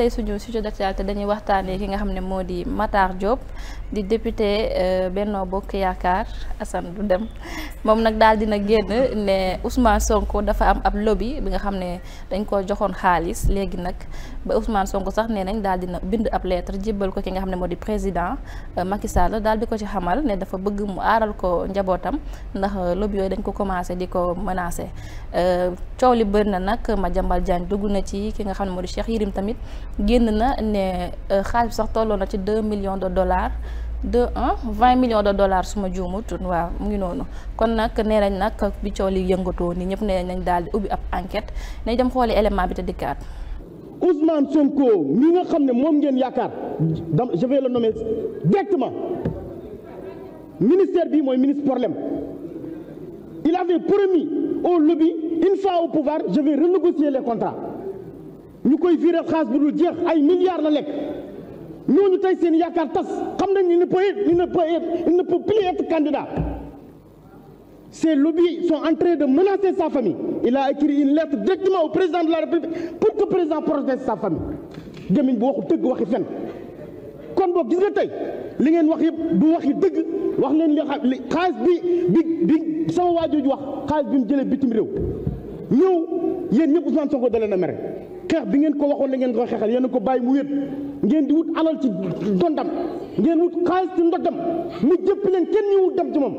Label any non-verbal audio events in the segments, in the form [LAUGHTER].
tey suñu sujet d'actualité dañuy waxtaanee ki nga xam ne moo di Matar Diop di député euh, Benno Bokk Yaakaar asan du dem moom nag daal dina génn ne Ousmane Sonko dafa am ab lobby bi nga xam ne dañ ko joxoon xaalis léegi nag ba Ousmane Sonko sax nee nañ daal dina bind ab lettre jébbal ko ki nga xam ne moo di président euh, Macky Sall daal di ko ci xamal ne dafa bëgg mu aaral ko njabootam ndax euh, lobby dañ ko commencé di ko menacé coow li bëri na nag Madiambal Diagne dugg na ci ki nga xam ne moo di Cheikh tamit génn na ne euh, xaalis sax tolloo na ci deux millions de dollars de un vingt millions de dollars su ma juumut waaw mu ngi noonu kon nag nee nañ nag bi coow li yëngatoo ni ñëpp nee nañ daal di ubbi ab enquête nañ dem xooli élément bi te dikkaat. Ousmane Sonko mi nga xam ne moom ngeen yaakaar je vais le nommer directement ministère bi mooy ministre problème il avait promis au lobby une au pouvoir je vais renégocier les ñu koy viiral xaalis bu dul jeex ay milliards la lekk ñooñu tey seen yaakaar tas xam nañ ni ne peut être il ne peut être il ne peut plus être candidat ces lobbies sont en train de menacer sa famille il a écrit une lettre directement au président de la république pour que président protège sa famille gémmiñ bu waxu dëgg waxi fen kon boobu gis nga tey li ngeen wax yëpp du waxi dëgg wax leen li xaalis bi bi bi sama waajooju wax xaalis bi ñu jëlee bitim réew ñëw yéen ñëpp Ousmane Sonko na mere xeex bi ngeen ko waxoon ne ngeen ko xeexal yéen a ko bàyyi mu wét ngeen di wut alal ci dondam ngeen wut xaalis ci ndoddam mu jëpp leen kenn ñëwul dem ci moom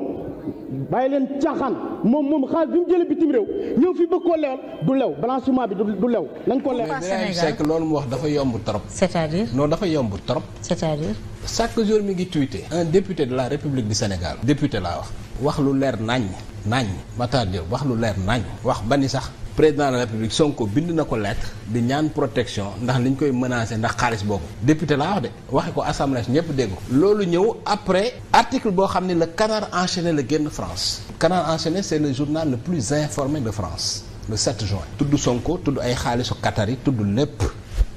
bàyyi leen caaxaan moom moom xaalis bi mu jëlee bitim réew yow fi bëgg koo lewal du lew balancement bi du lew nañ ko lew mais loolu mu wax dafa yomb trop c'est-à-dire non dafa yomb trop c'est-à-dire chaque jour mi ngi tweeté un député de la République du Sénégal député laa wax wax lu leer nañ nañ Matar Diop wax lu leer nañ wax ba ni sax président de la république Sonko bind na ko lettre di ñaan protection ndax liñ koy menacé ndax xaalis boobu député laa wax de waxe ko assemblée ñëpp dégg loolu ñëw après article boo xam ne le canard enchaîné la génn France canard enchaîné c'est le journal le plus informé de France le 7 juin tudd Sonko tudd ay xaalisu Qatar yi tudd lépp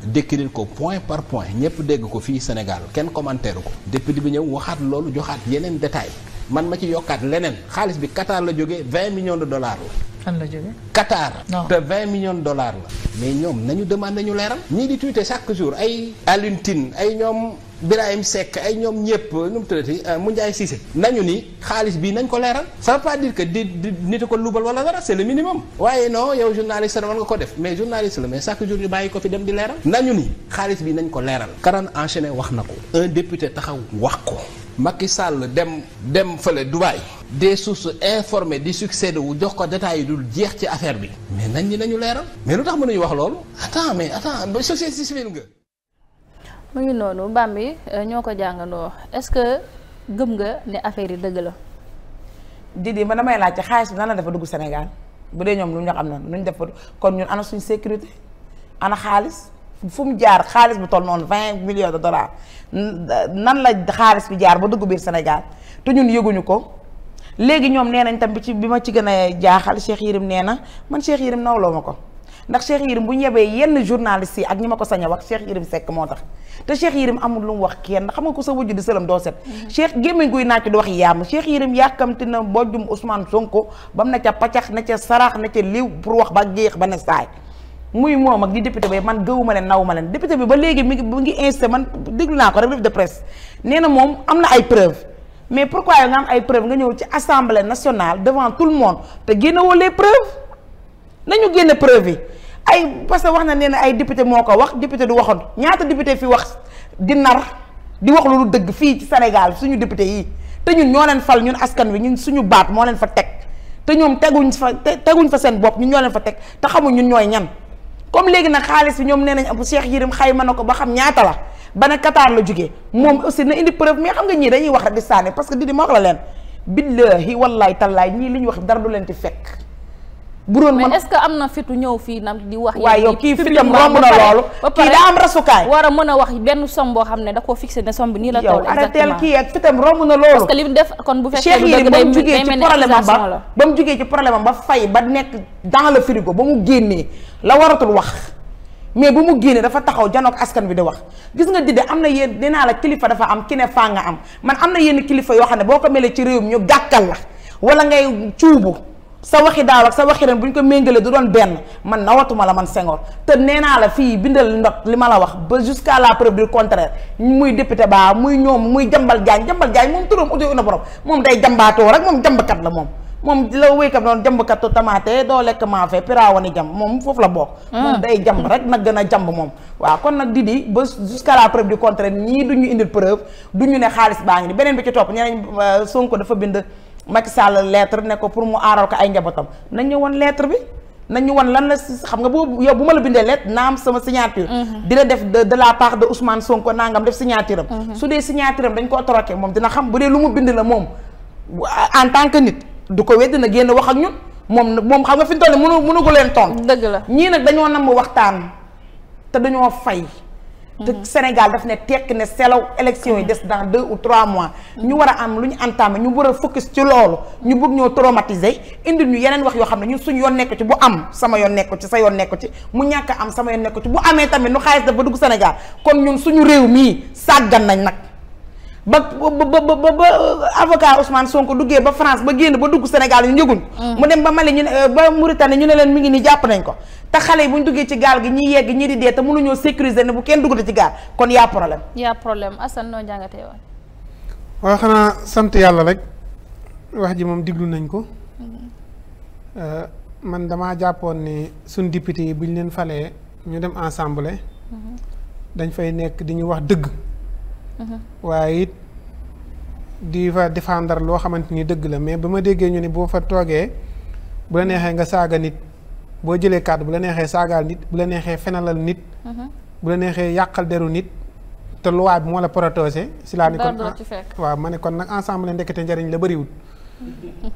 décrire ko point par point ñëpp dégg ko fii Sénégal kenn commentaire ko député bi ñëw waxaat loolu joxaat yeneen détail man ma ci yokkaat leneen xaalis bi Qatar la jógee 20 millions de dollars la. fan la jógee. Qatar. te 20 millions de dollars la. mais ñoom nañu demande nañu leeral. ñii di tuite chaque jour ay Alioune Tine ay ñoom Birahim Seck ay ñoom ñëpp nu mu tuddati euh, mu Ndiaye Cissé. nañu ni xaalis bii nañ ko leeral. sa veut pas dire que di di nit ko luubal wala dara c'est le minimum. waaye non yow journaliste la war nga ko def mais journaliste la mais chaque jour ñu bàyyi ko fi dem di leeral. nañu ni xaalis bi nañ ko leeral. Karane enchaîné wax na ko. un taxaw wax ko. Macky Sall dem dem du Dubaï. des sources informées di succédé wu jox ko détails yi dul jeex ci affaire bi. mais nañ ñi nañu leeral. mais lu tax ma mënuñu wax loolu. attends mais attends ba société civile nga. mu ngi noonu mi euh, ñoo ko jàngandoo est-ce que gëm nga ne affaire yi dëgg la. Didi man damay laajte xaalis bi nan la dafa dugg Sénégal bu dee ñoom lu ñu wax am na lu ñu def kon ñun ana suñu sécurité ana xaalis. fu mu jaar xaalis bu toll noonu vingt millions de dollars nan la xaalis bi jaar ba dugg biir Sénégal te ñun yëguñu ko léegi ñoom nee nañ tam bi ci bi ma ci gën a jaaxal Cheikh Yérim nee na man Cheikh Yérim nawloo ma ko ndax Cheikh Yérim bu ñu yenn journaliste yi ak ñi ma ko sañ a wax Cheikh Yérim Seck moo tax te Cheikh Yérim amul lu mu wax kenn xam nga ko sa wujj di sëlam doo set mm-hmm. Cheikh gémmiñ guy nàcc di wax yàmm Cheikh Yérim yàkkamti na bojjum Ousmane Sonko ba mu na ca paccax na ca saraax na ca liw pour wax ba géex ba ne saay muy moom ak di député ba man gëwuma leen naw ma leen député bi ba léegi mi ngi mi ngi insisté man déglu naa ko rek de presse nee na moom am na ay preuve mais pourquoi yow nga am ay preuve nga ñëw ci assemblée nationale devant tout le monde te génnewoo les preuves nañu génne preuve yi ay parce que wax na nee ay député moo ko wax député du waxoon ñaata député fi wax di nar di wax lu dëgg fii ci Sénégal suñu député yi te ñun ñoo leen fal ñun askan wi ñun suñu baat moo leen fa teg te ñoom teguñ fa teguñ fa seen bopp ñun ñoo leen fa teg te xamuñ ñun ñooy ñan comme léegi nag xaalis bi ñoom nee nañ am Cheikh Yérim xayma na ko ba xam ñaata la ba ne Qatar la jógee moom aussi na indi preuve mais xam nga ñii dañuy wax rek di sànni parce que di di ma wax la leen billahi wallahi wax dara du leen ci fekk bu doon ce que am na fitu ñëw fii nam di wax. waaye yow kii fitam romb na daa am rasukaay. war a mën a wax benn som boo xam ne da koo fixé ne som bi nii la. toll exactement yow arrêteel kii ak fitam romb na loolu. parce que li mu def kon bu fekkee ba mu jugee ci problème ba fay ba nekk dans le frigo ba mu génnee la waratul wax mais bu mu génnee dafa taxaw janook askan bi di wax gis nga Didé am na yéen dinaa la kilifa dafa am ki ne faa nga am man am na yenn kilifa yoo xam ne boo ko melee ci réew mi ñu gàkkal la wala ngay cuubu sa waxi daaw ak sa waxi ren bu ñu ko méngalee du doon benn man nawatuma la man Senghor te nee naa la fii bindal ndot li ma la wax ba jusqu'à la preuve du contraire muy député baa muy ñoom muy jambal jaañ jambal jaañ moom turam uti na borom moom day jambaatoo rek moom jambkat la moom moom di la wéykam noonu jambkattu tamaate doo lekk maafe pirawani jam moom foofu la bokk ah. moom day jamb rek na gën a jamb moom waaw kon nag di ba jusqu'à la preuve du contraire ñii du ñu indil preuve du ñu ne xaalis baa ngi ni beneen bi ci topp ñeneen euh, Sonko dafa bind Macky Sall lettre ne ko pour mu aaral ay njabootam nañ ñu woon lettre bi nañ ñu woon lan la xam nga bu yow bu ma la bindee lettre naa am sama signature mhm. dina def de la part de Ousmane Sonko nangam def signature mhm. su dee signature am dañ ko troqué moom dina xam bu dee lu mu bind la moom en tant que nit du ko wedd na génn wax ak ñun moom moom xam nga fi mu toll nii mënu mënu ko leen tontu. dëgg la ñii nag dañoo nam waxtaan te dañoo fay. te mhm. Sénégal daf ne tekk ne selaw élection yi mhm. des dans deux ou trois mois. Mhm. ñu war a am lu ñu entamé ñu war a focus ci loolu. ñu bëgg ñoo traumatiser indi ñu yeneen wax yoo xam ne ñun suñu yoon nekk ci bu am sama yoon nekk ci sa yoon nekk ci mu ñàkk am sama yoon nekk ci bu amee tamit nu xaalis dafa dugg Sénégal kon ñun suñu réew mii sàggan nañ nag. ba ba ba ba avocat Ousmane Sonko duggee ba France ba génn ba dugg Sénégal ñu njëguñ mm. mu dem ba Mali ñu ne eh, ba Mauritanie ñu ne leen mi ngi nii jàpp nañ ko te xale yi bu ñu duggee ci gaal gi ñi yegg ñi di dee te mënuñoo sécuriser ne bu kenn duggati ci gaal kon yaa problème yaa problème Assane noo sant yàlla rek wax ji moom diglu nañ ko mm-hmm. eh, man damaa jàppoon ni suñ député yi bu ñu leen falee ñu dem ensemble mm-hmm. dañ fay nekk di ñu wax dëgg waaye it di fa défendre loo xamante ni dëgg la mais ba ma déggee ñu ne boo fa toogee bu la neexee nga saaga nit boo jëlee kàddu bu la neexee saagaal nit bu la neexee fenalal nit. Mhm. bu la neexee yàqal deru nit. te loi moo la protégé. si laa ni kon waaw ma ne kon nag ensemble ndekete njariñ la bëriwul.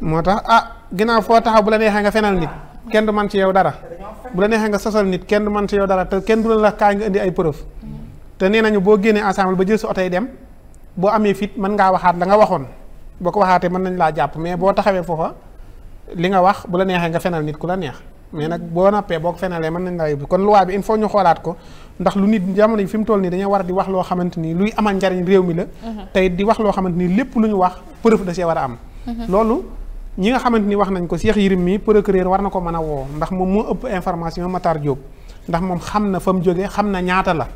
moo tax ah ginnaaw foo taxaw bu neexee nga fenal nit kenn du man ci yow dara. bu la neexee nga sosal nit kenn du man ci yow dara te kenn du la kaay nga indi ay preuve te nee nañu boo génnee ensemble ba jël sa oto yi dem boo amee fit mën ngaa waxaat la nga waxoon boo ko waxaatee mën nañ laa jàpp mais boo taxawee foofa li nga wax bu la neexee nga fenal nit ku la neex mais nag boo nappee boo fenalee mën nañ laa yóbbu kon loi bi il faut ñu xoolaat ko ndax lu nit jamono yi fi mu toll nii dañoo war di wax loo xamante ni luy amal njariñ réew mi la mm-hmm. tey di wax loo xamante ni lépp lu ñu wax preuve da see war a am mm-hmm. loolu ñi nga xamante ni wax nañ ko Cheikh Yirim mi procureur war na ko mën a woo ndax moom moo ëpp information Matar Diop ndax moom xam na fa mu jógee xam na ñaata la.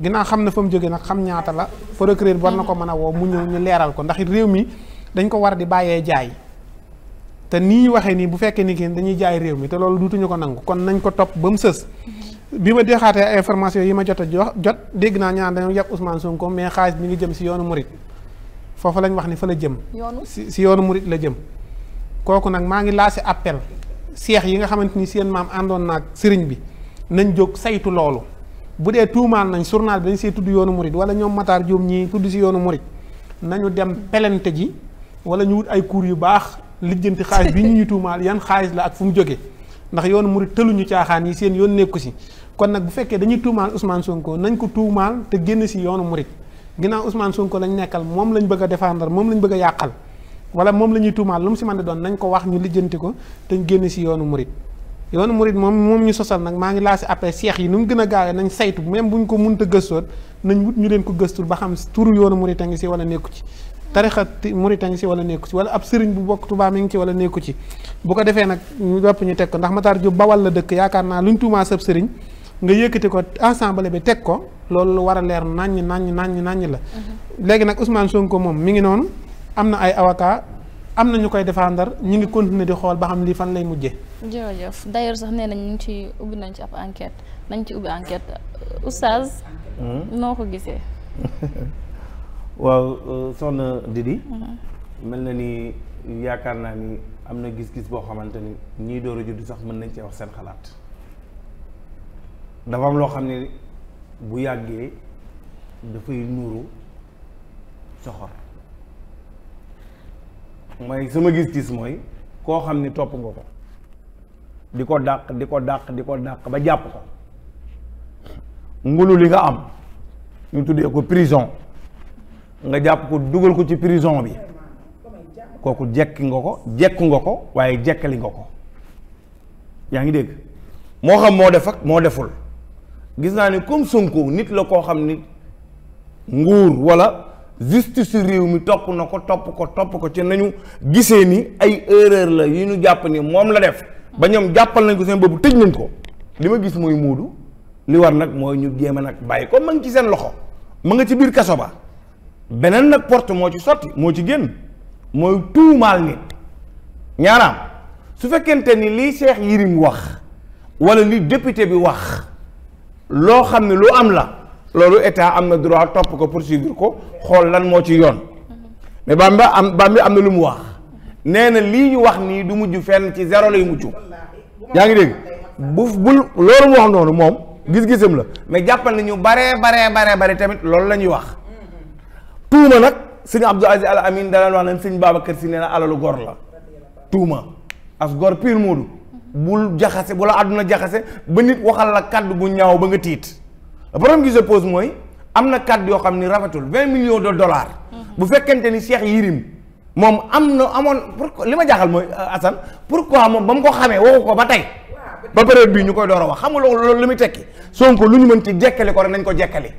ginnaaw xam na fa mu jóge nag xam ñaata la procureur war na ko mën a woo mu ñëw ñu leeral ko ndax réew mi dañ ko war di bàyyee jaay. te ni ñu waxee nii bu fekkee ni kenn dañuy jaay réew mi te loolu duutuñu ko nangu kon nañ ko topp ba mu sës. bi ma dexaatee information yi ma jot a jox jot dégg naa ñaan dañoo yàq Ousmane Sonko mais xaalis mi ngi jëm si yoonu Mouride foofu lañ wax ni fa la jëm. si si yoonu Mouride la jëm. kooku nag maa ngi laasi appel seex yi nga xamante ni seen maam àndoon naag sëriñ bi. nañ jóg saytu loolu bu dee tuumaal nañ journal bi dañ see tudd yoonu murit wala ñoom Matar Diop ñii tudd si yoonu murit nañu dem pelente ji wala ñu wut ay cours yu baax lijjanti xaalis bi ñu ñu tuumaal yan xaalis la ak fu mu jógee ndax yoonu murit tëluñu caaxaan yi seen yoon nekku si kon nag bu fekkee dañuy tuumaal Ousmane Sonko nañ ko tuumaal te génn si yoonu murit ginnaaw Ousmane Sonko lañ nekkal moom lañ bëgg a défendre moom lañ bëgg a yàqal wala moom la ñuy tuumaal lu mu si mën di doon nañ ko wax ñu lijjanti ko te génn si yoonu murit yoonu murit moom moom ñu sosal nag maa ngi laa si après seex yi nu mu gën a gaawee nañ saytu même bu ñu ko munta gëstoon nañ wut ñu leen ko gëstul ba xam turu yoonu murit a ngi si wala nekku ci tarixa murit a ngi si wala nekku ci wala ab sëriñ bu bokk Tuubaa mi ngi ci wala nekku ci bu ko defee nag ñu dopp ñu teg ko ndax Matar Jóob Bawal la dëkk yaakaar naa luñ tuumaa sab sëriñ nga yëkkati ko ensemble bi teg ko loolu war a leer naññ naññ naññ naññ la mhm. léegi nag Ousmane Sonko moom mi ngi noonu am na ay avocat am na ñu koy défendre ñu ngi continuer di xool ba xam lii fan lay mujjee. jërëjëf d'ailleurs sax nee nañ ñu ci ubbi nañ ci ab enquête nañ ci ubbi enquête euh, oustaz. Hmm? noo ko gisee. [LAUGHS] waaw di euh, Didi. Hmm. mel na ni yaakaar naa ni am na gis-gis boo xamante ni ñii door a judd sax mën nañ cee wax seen xalaat dafa am loo xam ne bu yàggee dafay nuuru soxor. mooy sama gis-gis mooy koo xam ni topp nga ko di ko dàq di ko dàq di ko dàq ba jàpp ko ngulu li nga am ñu tuddee ko prison nga jàpp ko dugal ko ci prison bi kooku jekki nga ko jekku nga ko waaye jekkali nga ko yaa ngi dégg moo xam moo def moo deful gis naa ni comme Sonko nit la koo xam ni nguur walla justice réew mi topp na ko topp ko topp ko ci nañu gisee ni ay erreur la yu ñu jàpp ni moom la def ba ñoom jàppal nañ ko seen boobu tëj nañ ko li ma gis mooy muudu li war nag mooy ñu géem a nag bàyyi ko ma ci seen loxo ma nga ci biir kaso ba beneen nag porte moo ci sotti moo ci génn mooy tuumaal nit ñaaraam su fekkente ni li Cheikh Yérim wax wala li député bi wax loo xam ne lu am la loolu état am na droit topp ko pour poursuivre ko xool lan moo ci yoon mais bam ba am bam bi am na lu mu wax nee na lii ñu wax nii du mujj fenn ci zéro lay mujj yaa ngi dégg bu bul loolu mu wax noonu moom gis-gisam la mais jàppal na ñu baree baree baree bare tamit loolu la ñuy wax tuuma nag sëñ Abdou Aziz Al Amin dalaan wax ne sëñ Babacar Si nee na alalu gor la tuuma as gor piir moodu bul jaxase bu la àdduna jaxase ba nit waxal la kàddu gu ñaaw ba nga tiit problème qui se pose mooy am na kàddu yoo xam ni rafetul vingt millions de dollars. Mm-hmm. bu fekkente ni Cheikh Yirim moom am na amoon pour li ma jaaxal mooy pour euh, pourquoi moom ba mu ko xamee waxu ko ba tey. ba période bii ñu koy door a wax xam nga loolu li muy tekki Sonko lu ñu mën ci jekkali ko rek nañ ko jekkali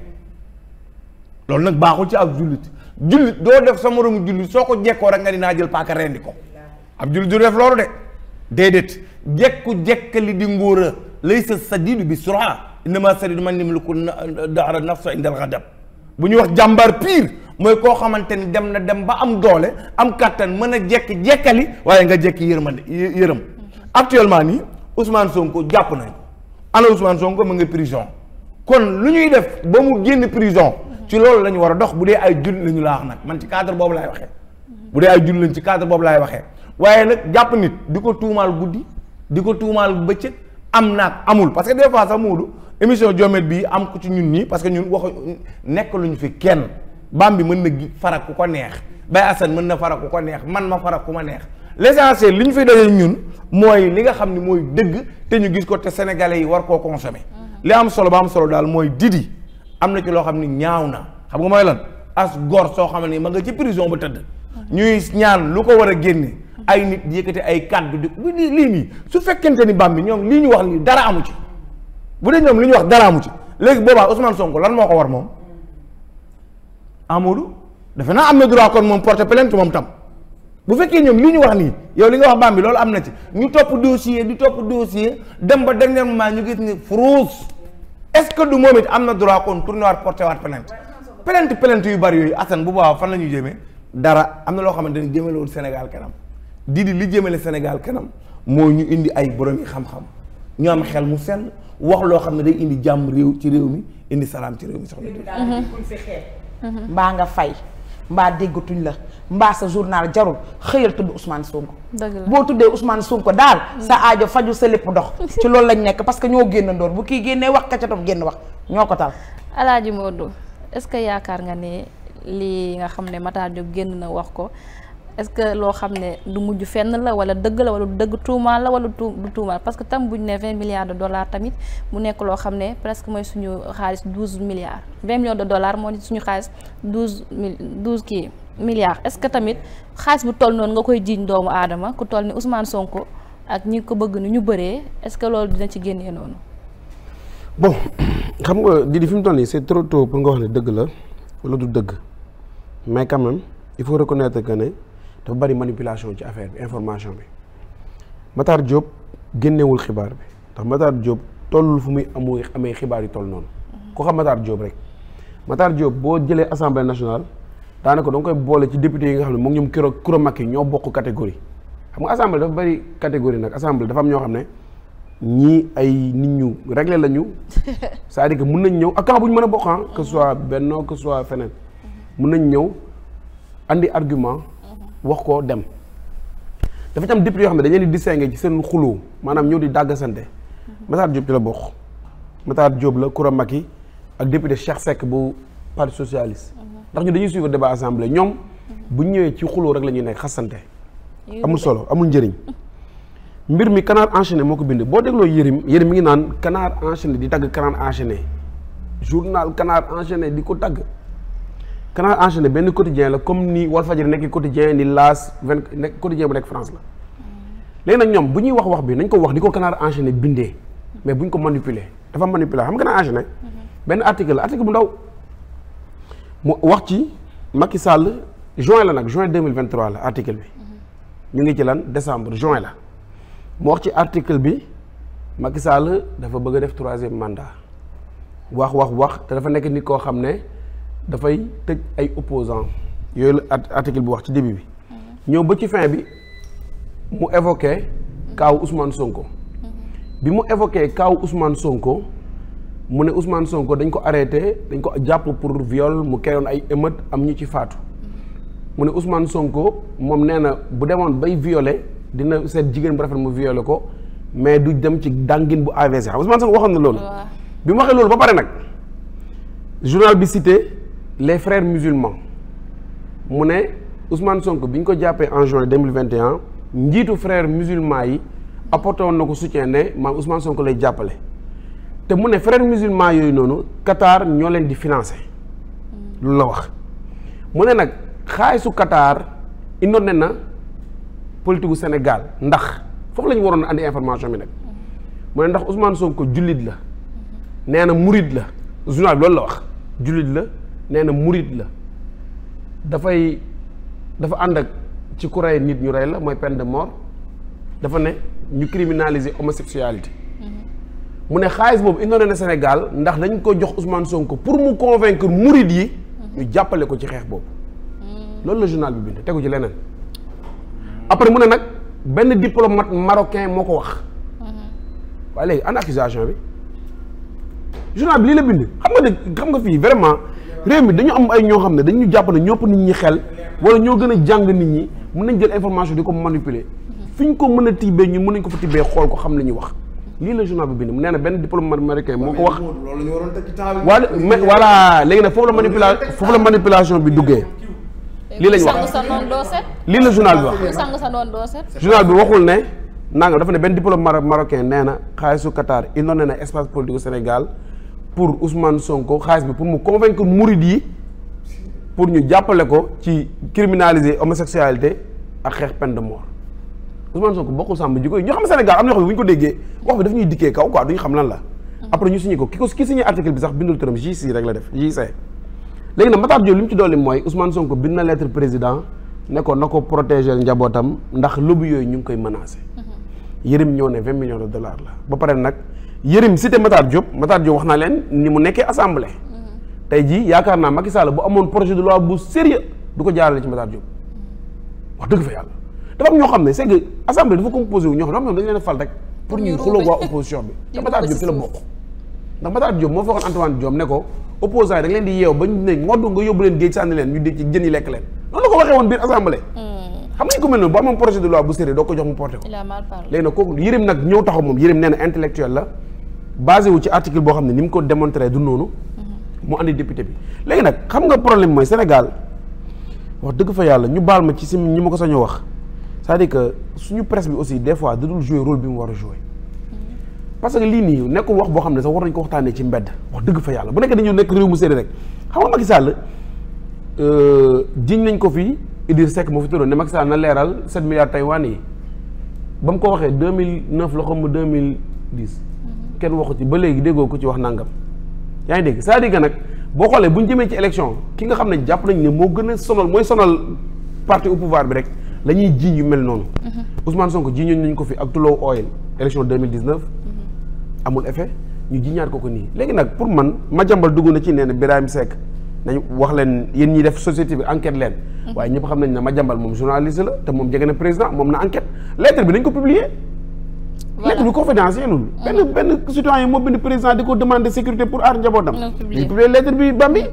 loolu nag baaxul ci ab jullit jullit doo def sa moromu jullit soo ko jekkoo rek nga dinaa jël paaka rendi ko ab jullit du def loolu de déedéet jekku jekkali di ngóora lay sa sadidu bi innama saridu man yamliku dahra nafsa indal ghadab bu ñuy wax jàmbaar pire mooy koo xamante ni dem na dem ba am doole am kàttan mën a jekki jekkali waaye nga jekki yërmande yërëm actuellement nii Ousmane Sonko jàpp nañ ana Ousmane Sonko mu ngi prison kon lu ñuy def ba mu génn prison ci loolu la ñu war a dox bu dee ay jul la ñu laa wax nag man ci cadre boobu laay waxee bu dee ay jul lañ ci cadre boobu laay waxee waaye nag jàpp nit di ko tuumaal guddi di ko tuumaal bëccëg am naag amul parce que des fois sax muudu émission Jommet bi am ko ci ñun ñi parce que ñun wax nekk luñu fi kenn baam bi mën na farak ku ko neex Baye Assane mën na farak ku ko neex man ma farak ku ma neex l'essentiel li ñu fi dajee ñun mooy li nga xam ni mooy dëgg te ñu gis ko te sénégalais yi war koo consommer li am solo ba am solo daal mooy Didi am na ci loo xam ne ñaaw na xam nga may lan as gor soo xam ni ma nga ci prison ba tëdd ñuy ñaan lu ko war a génne ay nit yëkkati ay kàddu di lii nii su fekkente ni bam bi ñoom lii ñu wax dara amu ci bu dee ñoom li ñu wax daraamu ci léegi boobaa Ousmane Sonko lan moo ko war moom Amadou defe naa am na droit kon moom porte plainte moom tam bu fekkee ñoom li ñu wax nii yow li nga wax baam bi loolu am na ci ñu topp dossier di topp dossier dem ba dernier moment ñu gis ni frousse est-ce que du moom am na droit kon tourner waat porter waat plainte plainte plainte yu bari yooyu Assane bu boobaa fan la ñuy jëmee dara am na loo xamante ni jëmelewul Sénégal kanam di di li jëmale Sénégal kanam moo ñu indi ay borom yi xam-xam xel mu sell wax loo xam ne day indi jàmm réew ci réew mi indi salaam ci réew mi soxna mbaa nga fay mbaa déggatuñ la mbaa sa journal jarul xëyal tudd Ousmane Sonko boo tuddee Ousmane Sonko daal sa aajo faju sa lépp ndox ci loolu lañ nekk parce que ñoo génn ndoor bu kii génnee wax kacatam génn wax ñoo ko tal Alaaji Modou est-ce que yaakaar nga ne lii nga xam ne Matar Diop génn na wax ko est-ce que loo xam ne du mujj fenn la wala dëgg la wala du dëgg tuumaal la wala du tuumaal parce que tam buñ ne 20 milliards de dollars tamit mu nekk loo xam ne presque mooy suñu xaalis 12 milliards 20 millions de dollars moo di suñu xaalis 12 mille kii milliards est-ce que tamit xaalis bu toll noonu nga koy jiiñ doomu aadama ku toll ni Ousmane Sonko ak ñi ko bëgg ni ñu bëree est-ce que loolu dina ci génnee noonu. bon xam nga di di fi toll nii c'est trop tôt pour nga wax dëgg la wala dëgg mais quand même ne. dafa bari manipulation ci affaire bi information bi Matar Diop génnewul xibaar bi ndax Matar Diop tollul fu muy amu amee xibaar yu toll noonu ku xam Matar Diop rek Matar Diop boo jëlee assemblée nationale daanaka da nga koy boole ci député yi nga xam ne moom ñoom kiro kuro mag yi ñoo bokk catégorie xam nga assemblée dafa bari catégorie nag assemblée dafa am ñoo xam ne ñii ay nit ñu réglé lañu [LAUGHS] c'est-à-dire que mun nañ ñëw ak camp bu ñu mën a bokk ah, que ce mm-hmm. soit Benno que ce feneen mun nañ ñëw andi argument wax ko dem dafa ci am député yoo xam ne dañu leen di distingué ci seen xuloo maanaam ñoo di dàggasante mhm. Matar Diop ci la bokk Matar Diop la Koura Macky ak député Cheikh Seck bu parti socialiste mhm. ndax ñu dañuy suivre débat assemblée ñoom mhm. bu ñu ñëwee ci xuloo rek la ñuy nekk xasante amul solo amul njëriñ [LAUGHS] mbir mi canard enchaîné moo ko bind boo dégloo yërim yërim mi ngi naan canard enchaîné di tagg canard enchaîné journal canard enchaîné di ko tagg canal enchaîné benn quotidien la comme ni Walfadjri nekk quotidien ni L'As vingt nekk quotidien bu nekk France la léegi nag ñoom bu ñuy wax wax bi nañ ko wax ni ko canal enchaîné bindee mais bu ñu ko manipuler dafa manipuler xam nga canal enchaîné benn article article bu ndaw mu wax ci Macky Sall juin la nag juin 2023 la article bi ñu ngi ci lan décembre juin la mu wax ci article bi Macky Sall dafa bëgg a def troisième mandat wax wax wax te dafa nekk nit koo xam ne dafay tëj ay opposants yooyu la article bu wax ci début bi. ñëw ba ci fin bi mu évoqué kaawu Ousmane Sonko. bi mu évoqué kaawu Ousmane Sonko mu ne Ousmane Sonko dañ ko arrêté dañ ko jàpp pour viole mu kenoon ay émeute am ñu ci faatu. mu ne Ousmane Sonko moom nee na bu demoon bay viole dina seet jigéen bu rafet mu violé ko mais du dem ci dàngin bu AVC xam Ousmane Sonko waxoon na loolu. bi mu waxee loolu ba pare nag journal bi cité. les frères musulmans mu ne Ousmane sonk bi ñu ko jàppee en juin deux mille vingt et un njiitu frères musulmans yi apporté woon na ko soutien ne maam Ousmane Sonko lay jàppale te mu ne frères musulmans yooyu noonu Qatar ñoo leen di financé loolu la wax mu ne nag xaalisu Qatar indoon na politique gu Sénégal ndax foofu lañu waroon na andi information bi nag mu ne ndax Ousmane Sonko jullit la nee na murid la journal bi loolu la wax jullit la. nee na murit la dafay dafa ànd ak ci ku rey nit ñu rey la mooy peine de mort dafa ne ñu criminaliser homosexualité mm-hmm. mu ne xaalis boobu indoon na Sénégal ndax dañ ko jox son ko pour mu convaincre murit yi mm-hmm. ñu jàppale ko ci xeex boobu mm-hmm. loolu la journal bi bind tegu ci leneen après mu ne nag benn diplomate marocain moo ko wax waaye léegi an accusation bi journal bi lii la bind xam nga ne xam nga fii vraiment réew mi dañu am ay ñoo xam ne dañu jàpp ne ñopp nit ñi xel wala ñoo gën a jàng nit ñi mën nañ jël information di ko manipuler fi ñu ko mën a tibbee ñu mun nañ ko fa tibbee xool ko xam li ñuy wax lii la journal bi mu nee na benn diplomate américain moo ko wax waa mais voilà léegi nag foofu la manipula foofu la manipulation bi duggee lii lañ wax lii la journal bi wax journal bi waxul ne nangam dafa ne benn diplomate marocain nee na xaalisu Qatar indoon na ne espace politique Sénégal pour Ousmane Sonko xaalis bi pour mu convaincre murid yi pour ñu jàppale ko ci criminaliser homosexualité ak xeex peine de mort Ousmane Sonko bokkul sàmm ji koy ñu xam Sénégal am na yoo xam ne bu ñu ko déggee wax bi ñuy dikkee kaw quoi duñu xam lan la. après ñu signé ko ki bi sax bindul turam JC rek la def JC. léegi nag Matar Diop li mu ci dolli mooy Ousmane Sonko bind na lettre président ne ko na ko protéger njabootam ndax lobby yooyu ñu ngi koy menacé. Mhm. Yërim ñoo ne vingt millions de dollars la ba pare nag. Yërim cité Matar Diop Matar Diop wax naa leen ni mu nekkee assemblée. Mhm. tey jii yaakaar naa Macky Sall bu amoon projet de loi bu sérieux du ko jaarale ci Matar Diop mhm. wax dëgg fa yàlla dafa am ñoo xam ne c'est que assemblée leen fal rek pour [LAUGHS] ko opposants yi da nga leen di yeew ba ñu ne ngoddu nga mhm. jox mu porté ko léegi nag ñëw taxaw moom Yërim nee na la basé wu ci article boo xam ne ni mu ko démontré du noonu. mu andi député bi léegi nag xam nga problème mooy Sénégal wax dëgg fa yàlla ñu baal ma ci si ñi ma ko sañoo wax c'est-à-dire que suñu presse bi aussi des fois da dul jouer rôle bi mu war a jouer. parce que lii nii nekkul wax boo xam ne sax war nañu ko waxtaanee ci mbedd wax dëgg fa yàlla bu nekk dañu nekk réew mu séeréer rek xam nga Macky Sall euh, jiñ nañ ko fi Idriss sekk moo fi tuddoon ne Macky Sall na leeral 7 milliards Taïwan yi ba mu ko waxee 2009 la xam mu 2010. kenn waxu ci ba léegi déggoo ko ci wax nangam yaa ngi dégg saa à nag boo xoolee bu ñu jëmee ci élection ki nga xam ne jàpp nañ ne moo gën a sonal mooy sonal parti au pouvoir bi rek la ñuy jiiñ yu mel noonu. Mm-hmm. Ousmane Sonko jiiñoon nañ ko fi ak Tullow Oil élection 2019. Mm-hmm. amul effet ñu jiiñaat ko ko nii léegi nag pour man ma jambal dugg na ci nee na Birahim Seck nañ wax leen yéen ñi def société bi enquête leen. Mm-hmm. waaye ñëpp xam nañ ne ma jàmbal moom journaliste la te moom jege na président moom na enquête lettre bi nañ ko publier. nekk lu confidentiel lul benn benn citoyen moo bind président di ko demander sécurité pour aar njabootam ñu publier lettre bi Bambi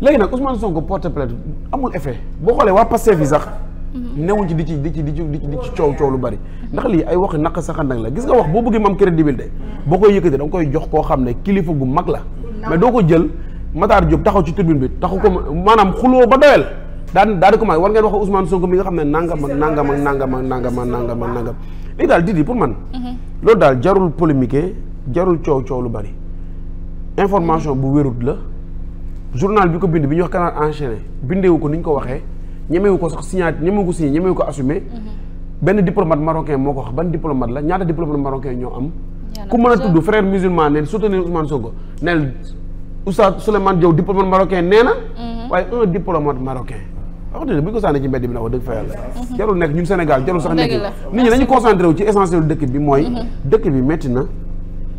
léegi nag Ousmane Sonko porte plainte amul effet boo xoolee waa Pastef yi sax mhm. newuñ ci di ci di ci di ci di ci coow coow lu bari ndax lii ay waxi naq saxandang la gis nga wax boo bëggee mu am crédibilité boo koy yëkkati da koy jox koo xam ne kilifa gu mag la mais doo ko jël Matar Diop taxaw ci tribune bi taxu ko ma maanaam xuloo ba doyal daan daal di commencé war ngeen wax Ousmane Sonko nga xam ne nangam ak nangam ak nangam ak nangam ak nangam ak nangam lii daal Didi pour man. Mhm. loolu daal jarul polémique jarul coow coow lu bari. information bu wérut la journal bi ko bind bi ñu wax canal enchaîné bindeewu ko ni ñu ko waxee ñemewu ko sax signé ñemewu ko signé ñemewu ko assumé. Mhm. benn diplomate marocain moo ko wax ban diplomate la ñaata diplomate marocain ñoo am. ku mën a tudd frère musulman neen soutenir Ousmane Sonko neel Oustaz Souleymane Diaw diplomate marocain nee na. Mhm. waaye un diplomate marocain. wax dëgg bu ñu ko sànnee ci mbedd bi nag wax dëgg fa yàlla mhm. Mhm. jarul nekk ñun Sénégal jarul sax nekk nit ñi nañu concentré wu ci essentiel dëkk bi mooy mhm. dëkk bi métti na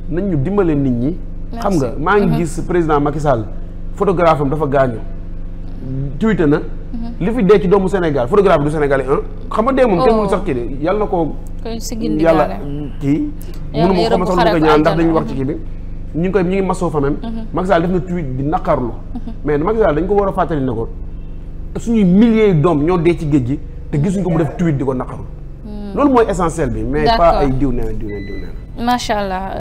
nañ ñu dimbale nit ñi xam nga maa ngi gis président Macky Sall photographe dafa gaañu tuité na li dee ci doomu Sénégal photographe du xam nga dee moom kenn mënu oh. sax ki de yàlla na ko yàlla kii mënu ma xama sax lu ko ñaan ndax dañuy wax ci kii ñu ngi koy ñu ngi masoo fa même Macky Sall def na tweet di naqarlu mais Macky Sall dañ ko war a fàttali ne ko suñuy milliers doom ñoo dee ci géej gi te gisuñ ko mu def tweet di ko naqaru hmm. loolu mooy essentiel bi mais pas ay diw nee na diw nee diw nee na macha allah